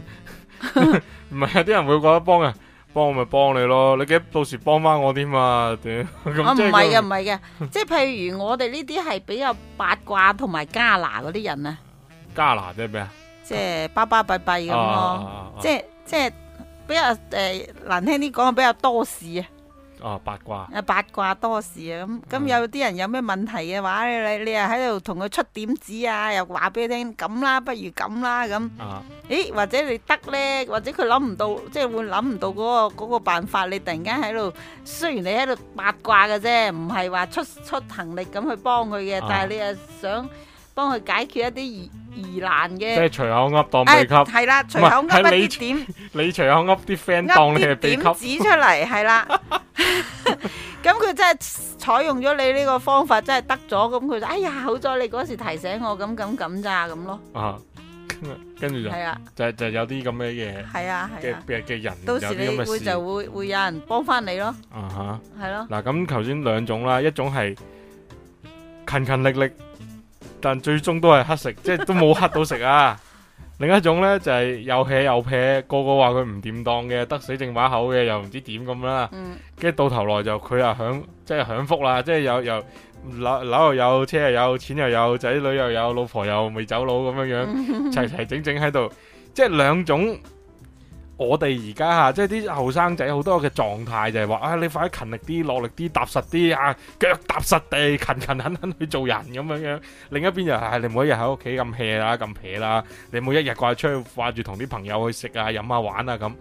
唔係啊，啲人會覺得幫嘅，幫我咪幫你咯。你記得到時幫翻我添啊！我唔係嘅，唔係嘅，即係譬如我哋呢啲係比較八卦同埋加拿嗰啲人啊。加拿即係咩啊？即係巴巴閉閉咁咯，即係即係比較誒難聽啲講，比較多事啊。哦，八卦。啊，八卦多事啊，咁咁有啲人有咩問題嘅話咧，你你又喺度同佢出點子啊，又話俾佢聽咁啦，不如咁啦咁。啊。咦，或者你得咧，或者佢諗唔到，即係會諗唔到嗰個嗰個辦法，你突然間喺度，雖然你喺度八卦嘅啫，唔係話出出行力咁去幫佢嘅，但係你又想。幫佢解決一啲疑疑難嘅，即係隨口噏當秘笈係啦，隨口噏一啲點，你隨口噏啲 friend 當你係秘笈指出嚟，係啦。咁佢真係採用咗你呢個方法，真係得咗。咁佢就哎呀，好彩你嗰時提醒我，咁咁咁咋咁咯。啊，跟住就係啊，就就有啲咁嘅嘢，係啊係啊嘅嘅人，到時你會就會會有人幫翻你咯。啊哈，係咯。嗱，咁頭先兩種啦，一種係勤勤力力。但最終都係乞食，即係都冇乞到食啊！ <laughs> 另一種呢，就係、係、又扯又撇，個個話佢唔掂當嘅，得死正把口嘅，又唔知點咁啦。跟、嗯、住到頭來就佢又享，即係享福啦，即係又又樓樓又有，車又有，錢又有，仔女又有，老婆又未走佬咁樣樣，齊、嗯、齊 <laughs> 整整喺度，即係兩種。我哋而家嚇，即係啲後生仔好多嘅狀態就係話，啊，你快啲勤力啲、落力啲、踏實啲啊，腳踏實地、勤勤懇懇去做人咁樣樣。另一邊又係你每一日喺屋企咁 hea 啦、咁撇啦，你每一日掛出去掛住同啲朋友去食啊、飲啊、玩啊咁。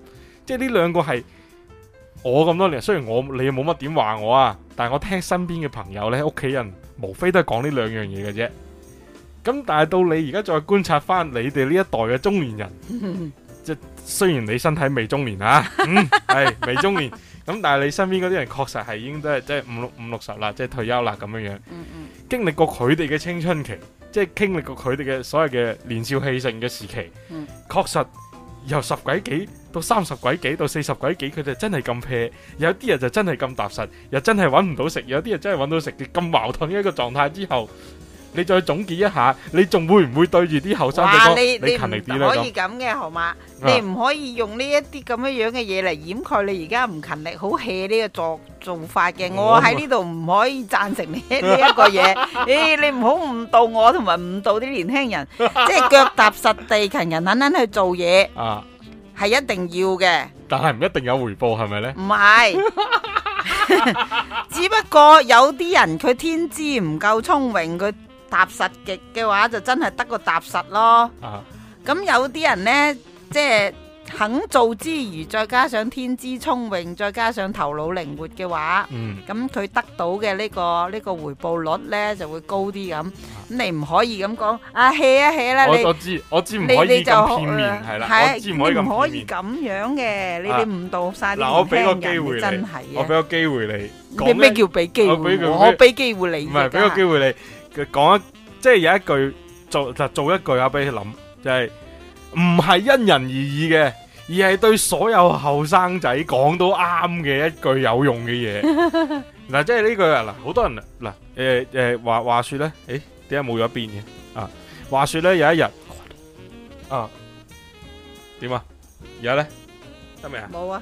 即係呢兩個係我咁多年，雖然我你冇乜點話我啊，但係我聽身邊嘅朋友咧，屋企人無非都係講呢兩樣嘢嘅啫。咁但係到你而家再觀察翻你哋呢一代嘅中年人。 <laughs> 雖然你身體未中年啊，係未中年，咁、嗯、 <laughs> 但係你身邊嗰啲人確實係已經都係即係五六五六十啦，即係退休啦咁樣樣、嗯嗯。經歷過佢哋嘅青春期，即係經歷過佢哋嘅所謂嘅年少氣盛嘅時期，確、嗯、實由十鬼幾到三十鬼幾到四十鬼幾，佢哋真係咁撇有啲人就真係咁踏實，又真係揾唔到食，有啲人真係揾到食，咁矛盾一個狀態之後。你再總結一下，你仲會唔會對住啲後生仔話你你唔可以咁嘅，好嘛、啊？你唔可以用呢一啲咁樣樣嘅嘢嚟掩蓋你而家唔勤力、好 hea 呢個做做法嘅。我喺呢度唔可以贊成你呢一個嘢。誒、 <laughs> 哎，你唔好誤導我，同埋誤導啲年輕人， <laughs> 即係腳踏實地、勤勤懇懇去做嘢。啊，係一定要嘅。但係唔一定有回報，係咪呢？唔係， <laughs> 只不過有啲人佢天資唔夠聰明，佢。踏實極嘅話就真係得個踏實咯。咁、啊、有啲人呢，即係肯做之餘，再加上天資聰穎，再加上頭腦靈活嘅話，咁、嗯、佢得到嘅呢、呢個呢、呢個回報率呢就會高啲咁。咁、啊、你唔可以咁講啊，起啦起啦！你我知我知，唔可以咁片面係啦、啊啊，我知唔可以咁片面係啦唔可以咁樣嘅，你哋誤、啊、導晒啲人，真、啊、係我俾個機會你，你咩叫俾機會我？俾機會你唔係俾個機會你。佢講一，即係有一句做就做一句，我俾你諗，就係唔係因人而異嘅，而係對所有後生仔講都啱嘅一句有用嘅嘢。嗱，即係呢句啊，嗱，好多人嗱，誒誒話話說咧，誒點解冇咗一邊嘅啊？話說咧有一日啊，點啊？而家咧得未啊？冇啊？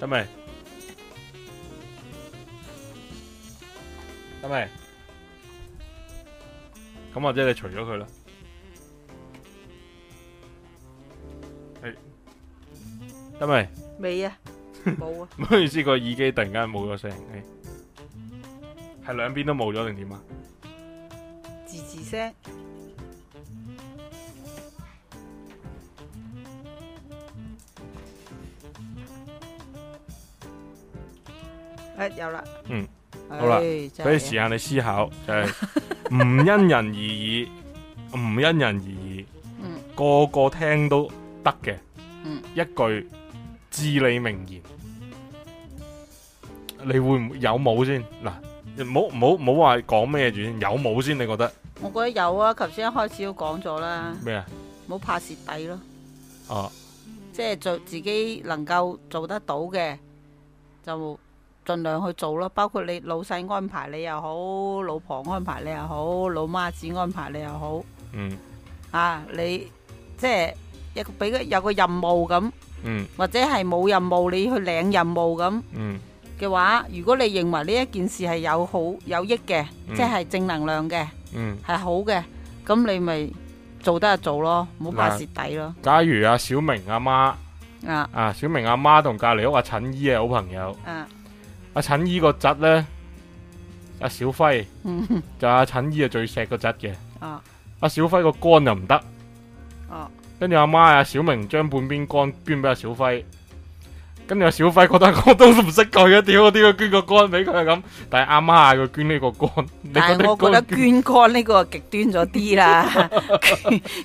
得未？得未？咁或者你除咗佢啦，係得未？未 <laughs> 啊，冇啊。咩意思？個耳機突然間冇咗聲，係兩邊都冇咗定點啊？吱吱聲，誒、欸，有啦，嗯。 <music> 好啦，俾啲時間你思考， <laughs> 就係、是、唔因人而異，唔因人而異、嗯，個個聽都得嘅、嗯，一句至理名言，你會唔會有冇先？嗱，唔好唔好唔好話講咩住先，有冇先？你覺得？我覺得有啊，頭先一開始都講咗啦。咩啊？唔好怕蝕底咯。哦。即係做自己能夠做得到嘅，就。儘量去做咯，包括你老細安排你又好，老婆安排你又好，老媽子安排你又好，嗯，啊，你即係一個俾個有個任務咁，嗯，或者係冇任務，你去領任務咁，嗯嘅話，如果你認為呢一件事係有好有益嘅，即係正能量嘅，嗯，係好嘅，咁你咪做得就做咯，唔好怕蝕底咯。假如阿小明阿媽，啊啊小明阿媽同隔離屋阿陳姨係好朋友，啊。阿陳姨個侄咧，阿小輝就阿陳姨啊最錫個侄嘅。阿小輝個肝又唔得，跟住阿媽阿小明將半邊肝捐俾阿小輝，跟住阿小輝覺得我都唔識佢嘅，屌我點解捐個肝俾佢係咁？但係阿媽嗌佢捐呢個肝。但係我覺得捐肝呢個極端咗啲啦，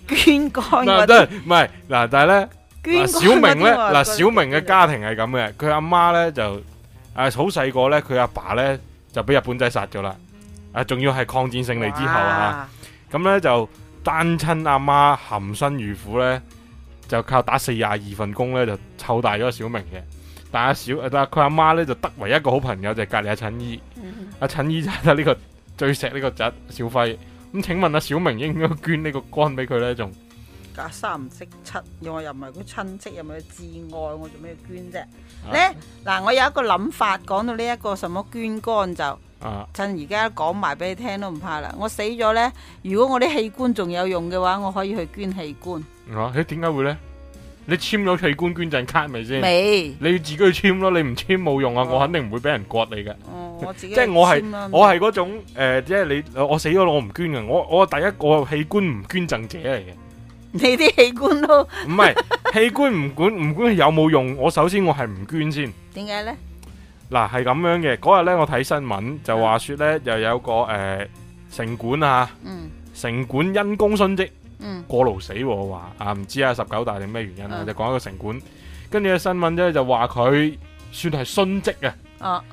捐肝嗰啲唔係嗱，但係咧小明咧嗱，小明嘅家庭係咁嘅，佢阿媽咧就誒、uh,，好細個咧，佢阿爸咧就俾日本仔殺咗啦。Mm-hmm. 啊，仲要係抗戰勝利之後啊，咁咧就單親阿媽含辛茹苦咧，就靠打四廿二份工咧就湊大咗小明嘅。但阿小但佢阿媽咧就得唯一一個好朋友就係隔籬阿陳姨。阿、mm-hmm. 陳、啊、姨就係得呢個最錫呢個侄小輝。咁請問阿小明應唔應該捐個呢個肝俾佢咧？仲隔三唔識七，我又又唔係佢親戚，又唔係佢至愛，我做咩要捐啫？咧、啊、嗱，我有一個諗法，講到呢、這、一個什麼捐肝就，啊、趁而家講埋俾你聽都唔怕啦。我死咗咧，如果我啲器官仲有用嘅話，我可以去捐器官。哦、啊欸，你點解會咧？你簽咗器官捐贈卡咪先？未？你要自己去簽咯，你唔簽冇用啊、哦！我肯定唔會俾人割你嘅。哦，我自己即係 <laughs> 我係我係嗰種誒，即、呃、係、就是、你我死咗我唔捐嘅，我我，我第一個器官唔捐贈者嚟嘅。你啲器官都唔 <laughs> 係器官，唔管唔管有冇用。我首先我係唔捐先。點解呢？嗱，係咁樣嘅。嗰日呢，我睇新聞就話說呢，嗯、又有個誒、呃、城管啊，城管因公殉職，嗯，過勞死話啊，唔知啊，十九大定咩原因啊？嗯、就講一個城管，跟住個新聞呢，就話佢算係殉職啊，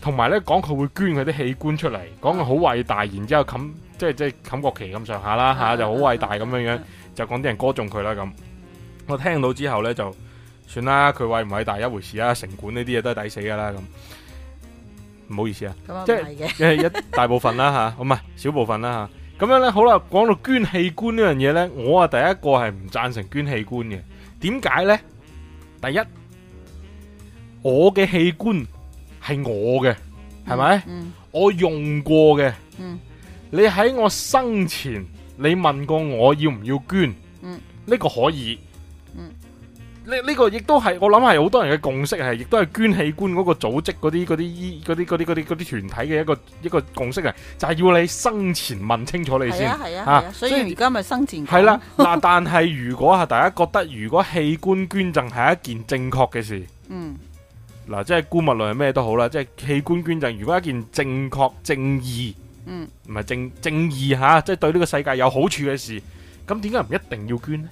同、哦、埋呢，講佢會捐佢啲器官出嚟，講佢好偉大，嗯、然之後冚即係即係冚國旗咁上下啦吓，就好偉大咁樣樣。嗯嗯就講啲人歌頌佢啦咁，我聽到之後咧，就算啦，佢偉唔偉大一回事啊！城管呢啲嘢，都係抵死噶啦咁，唔好意思啊，即係 <laughs> 一大部分啦吓，唔 <laughs> 係、啊、小部分啦吓。咁、啊、樣咧好啦，講到捐器官事呢樣嘢咧，我啊第一個係唔贊成捐器官嘅。點解咧？第一，我嘅器官係我嘅，係、嗯、咪、嗯？我用過嘅、嗯，你喺我生前。你問過我要唔要捐？呢、嗯呢個可以，呢、嗯、呢、呢個亦都係我諗係好多人嘅共識，係亦都係捐器官嗰個組織嗰啲嗰啲醫嗰啲嗰啲嗰啲嗰啲團體嘅一個一個共識嘅，就係、係、要你生前問清楚你先，啊，啊，啊，所以而家咪生前係啦。嗱、啊 <laughs> 啊，但係如果係大家覺得，如果器官捐贈係一件正確嘅事，嗱、嗯啊，即係姑勿論係咩都好啦，即係器官捐贈如果一件正確正義。嗯，唔係正正義吓，即、啊、係、就是、對呢個世界有好處嘅事，咁點解唔一定要捐呢？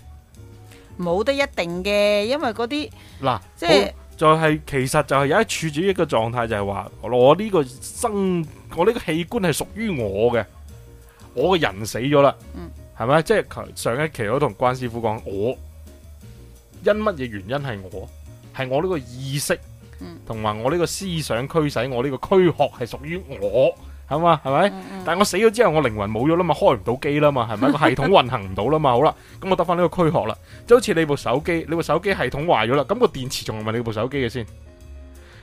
冇得一定嘅，因為嗰啲嗱，即係就係、是、其實就係有一處住一個狀態，就係話我呢個生，我呢個器官係屬於我嘅，我個人死咗啦，嗯，係咪？即、就、係、是、上一期我同關師傅講，我因乜嘢原因係我，係我呢個意識，同、嗯、埋我呢個思想驅使我呢個軀殼係屬於我。係嘛，係咪？嗯嗯，但係我死咗之後，我靈魂冇咗啦嘛，開唔到機啦嘛，係咪個系統運行唔到啦嘛？ <laughs> 好啦，咁我得翻呢個軀殼啦，就好似你部手機，你部手機系統壞咗啦，咁個電池仲係咪你部手機嘅先？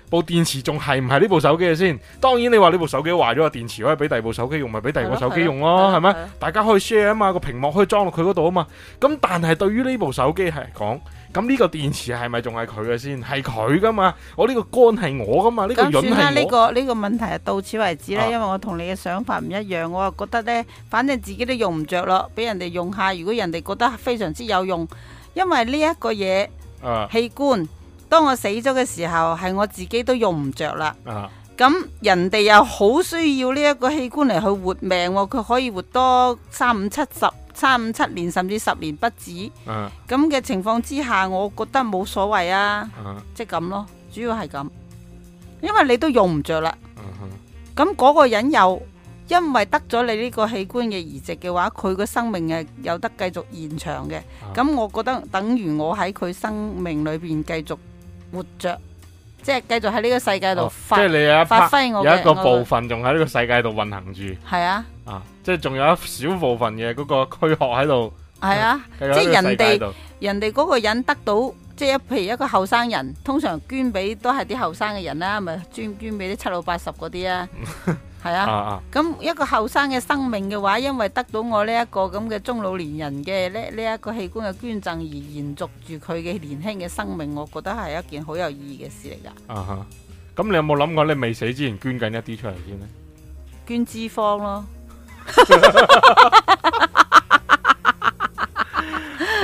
部電池仲係唔係呢部手機嘅先？當然你話你部手機壞咗個電池可以俾第二部手機用，咪俾第二個手機用咯，啊，係咪？大家可以 share 啊嘛，個屏幕可以裝落佢嗰度啊嘛。咁但係對於呢部手機係講。咁呢個電池係咪仲係佢嘅先？係佢噶嘛？我、哦、呢、呢個肝係我噶嘛？呢、呢個算啦，呢、呢個呢、呢個問題係到此為止啦。因為我同你嘅想法唔一樣，啊我啊覺得呢，反正自己都用唔着咯，俾人哋用下。如果人哋覺得非常之有用，因為呢一個嘢、啊、器官，當我死咗嘅時候，係我自己都用唔着啦。咁、啊、人哋又好需要呢一個器官嚟去活命，佢可以多活多三五七十。三五七年甚至十年不止，咁嘅情況之下，我覺得冇所謂啊，即係咁咯，主要係咁，因為你都用唔着啦。咁嗰個人又因為得咗你呢個器官嘅移植嘅話，佢嘅生命係有得繼續延長嘅，咁我覺得等於我喺佢生命裏邊繼續活着，即係繼續喺呢個世界度發，即係你啊，發揮我嘅一個部分，仲喺呢個世界度運行住，係啊。啊！即係仲有一小部分嘅嗰個軀殼喺度，係啊，啊，即係人哋人哋嗰個人得到，即係譬如一個後生人，通常捐俾都係啲後生嘅人啦，咪捐捐俾啲七老八十嗰啲 <laughs> 啊，係啊，咁一個後生嘅生命嘅話，因為得到我呢一個咁嘅中老年人嘅呢呢一個器官嘅捐贈而延續住佢嘅年輕嘅生命，我覺得係一件好有意義嘅事嚟噶。啊咁你有冇諗過你未死之前捐緊一啲出嚟先呢？捐脂肪咯。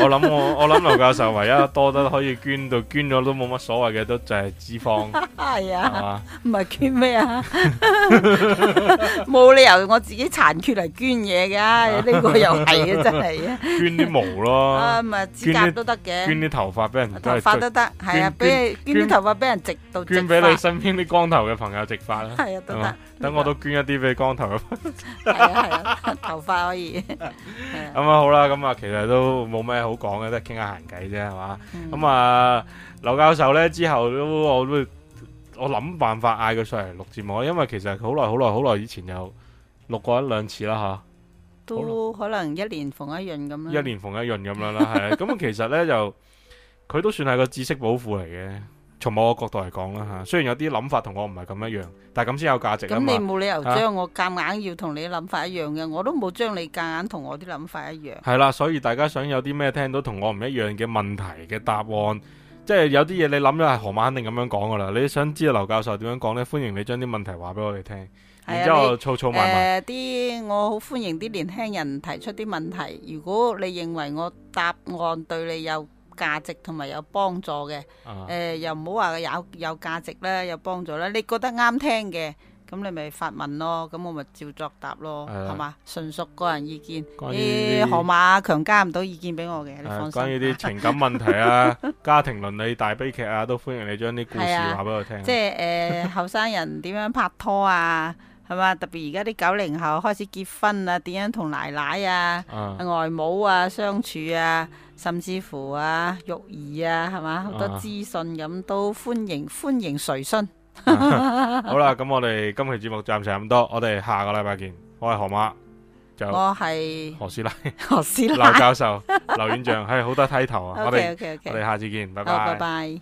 我諗，我我諗劉教授唯一多得可以捐到，捐咗都冇乜所謂嘅都就係脂肪，係啊，唔係捐咩啊？冇理由我自己殘缺嚟捐嘢㗎，呢個又係啊，真係啊！捐啲毛咯，啊咪指甲都得嘅，捐啲頭髮俾人，頭髮都得，係啊，俾你捐啲頭髮俾人植到，捐俾你身邊啲光頭嘅朋友植髮啦，係啊，都得。等我都捐一啲俾光頭，係啊係啊，頭髮可以。咁啊 <laughs> 好啦，咁啊其實都冇咩好講嘅，都係傾下閒偈啫，係嘛？咁、嗯、啊，劉教授呢，之後都我都我諗辦法嗌佢出嚟錄節目，因為其實好耐好耐好耐以前有錄過一兩次啦嚇。都可能一年逢一潤咁樣。一年逢一潤咁樣啦，係咁 <laughs> 其實呢，就佢都算係個知識寶庫嚟嘅。從某個角度嚟講啦嚇，雖然有啲諗法同我唔係咁一樣，但係咁先有價值啊嘛。咁你冇理由將我夾硬要同你諗法一樣嘅，我都冇將你夾硬同我啲諗法一樣。係啦，所以大家想有啲咩聽到同我唔一樣嘅問題嘅答案，即係有啲嘢你諗咗係河馬肯定咁樣講噶啦。你想知劉教授點樣講呢？歡迎你將啲問題話俾我哋聽，然之後嘈嘈埋埋。誒，啲我好歡迎啲年輕人提出啲問題。如果你認為我答案對你有，價值同埋有幫助嘅，誒、啊呃、又唔好話有有價值啦，有幫助啦，你覺得啱聽嘅，咁你咪發問咯，咁我咪照作答咯，啊、係嘛？純屬個人意見。欸、河馬強加唔到意見俾我嘅，你放心。啊、關於啲情感問題啊， <laughs> 家庭倫理大悲劇啊，都歡迎你將啲故事話俾我聽。即係誒，就、是呃、 <laughs> 後生人點樣拍拖啊？係嘛？特別而家啲九零後開始結婚啊，點樣同奶奶啊，啊、外母啊相處啊？甚至乎啊，育兒啊，係嘛好多資訊咁都歡迎、啊、歡迎垂詢、啊。好啦，咁我哋今期節目暫時咁多，我哋下個禮拜見。我係何媽，就我係何師奶，何師奶劉教授，劉院長，係 <laughs> 好多睇頭啊！Okay, okay, okay. 我哋我哋下次見，拜拜拜拜。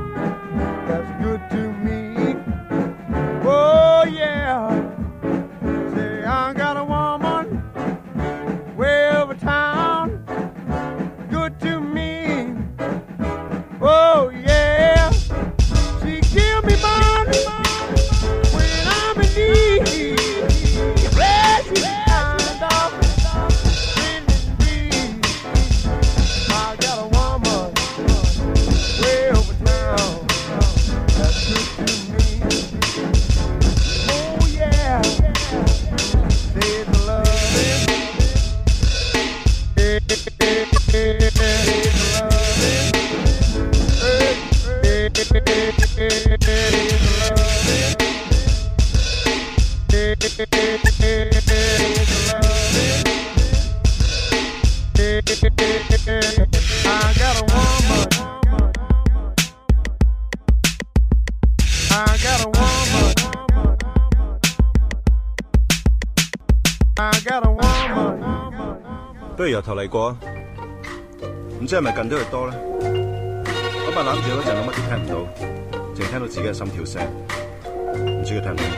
過，唔知係咪近啲佢多咧？我扮攬住嗰陣，我乜都聽唔到，淨聽到自己嘅心跳聲，唔知佢聽唔聽到？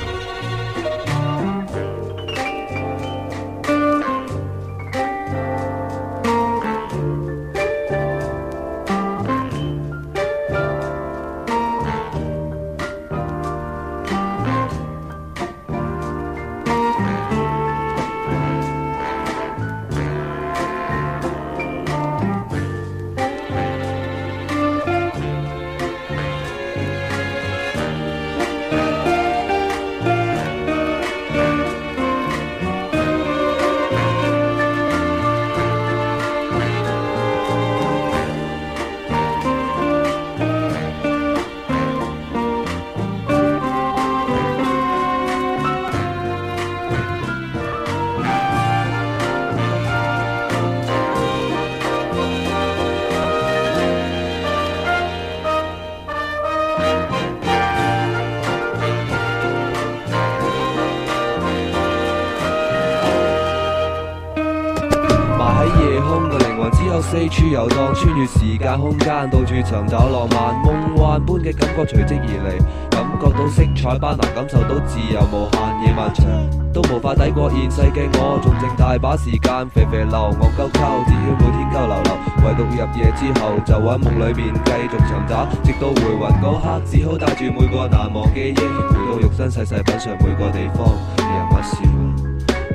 空間到處尋找浪漫，夢幻般嘅感覺隨即而嚟，感覺到色彩斑斕，感受到自由無限，夜漫長都無法抵過現世嘅我，仲剩大把時間，肥肥流，惡溝溝，只要每天溝流流，唯獨入夜之後就喺夢裏面繼續尋找，直到回魂嗰刻，只好帶住每個難忘記憶，回到肉身細細品嚐每個地方，讓我説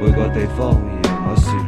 每個地方讓我説。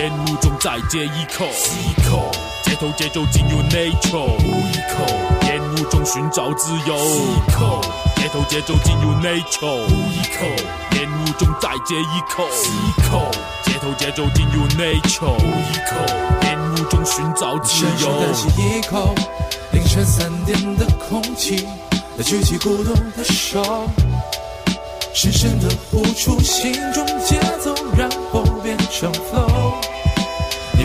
煙霧中再接一口，吸一口，街頭節奏進入 nature，呼一口，煙霧中尋找自由。吸一口，街頭節奏進入 nature，呼一口，煙霧中再接一口，吸一口，街頭節奏進入 nature，呼一口，煙霧中尋找自由。深深的吸一口，凌晨三點的空氣，來舉起孤獨的手，深深的呼出心中節奏，然後變成 flow。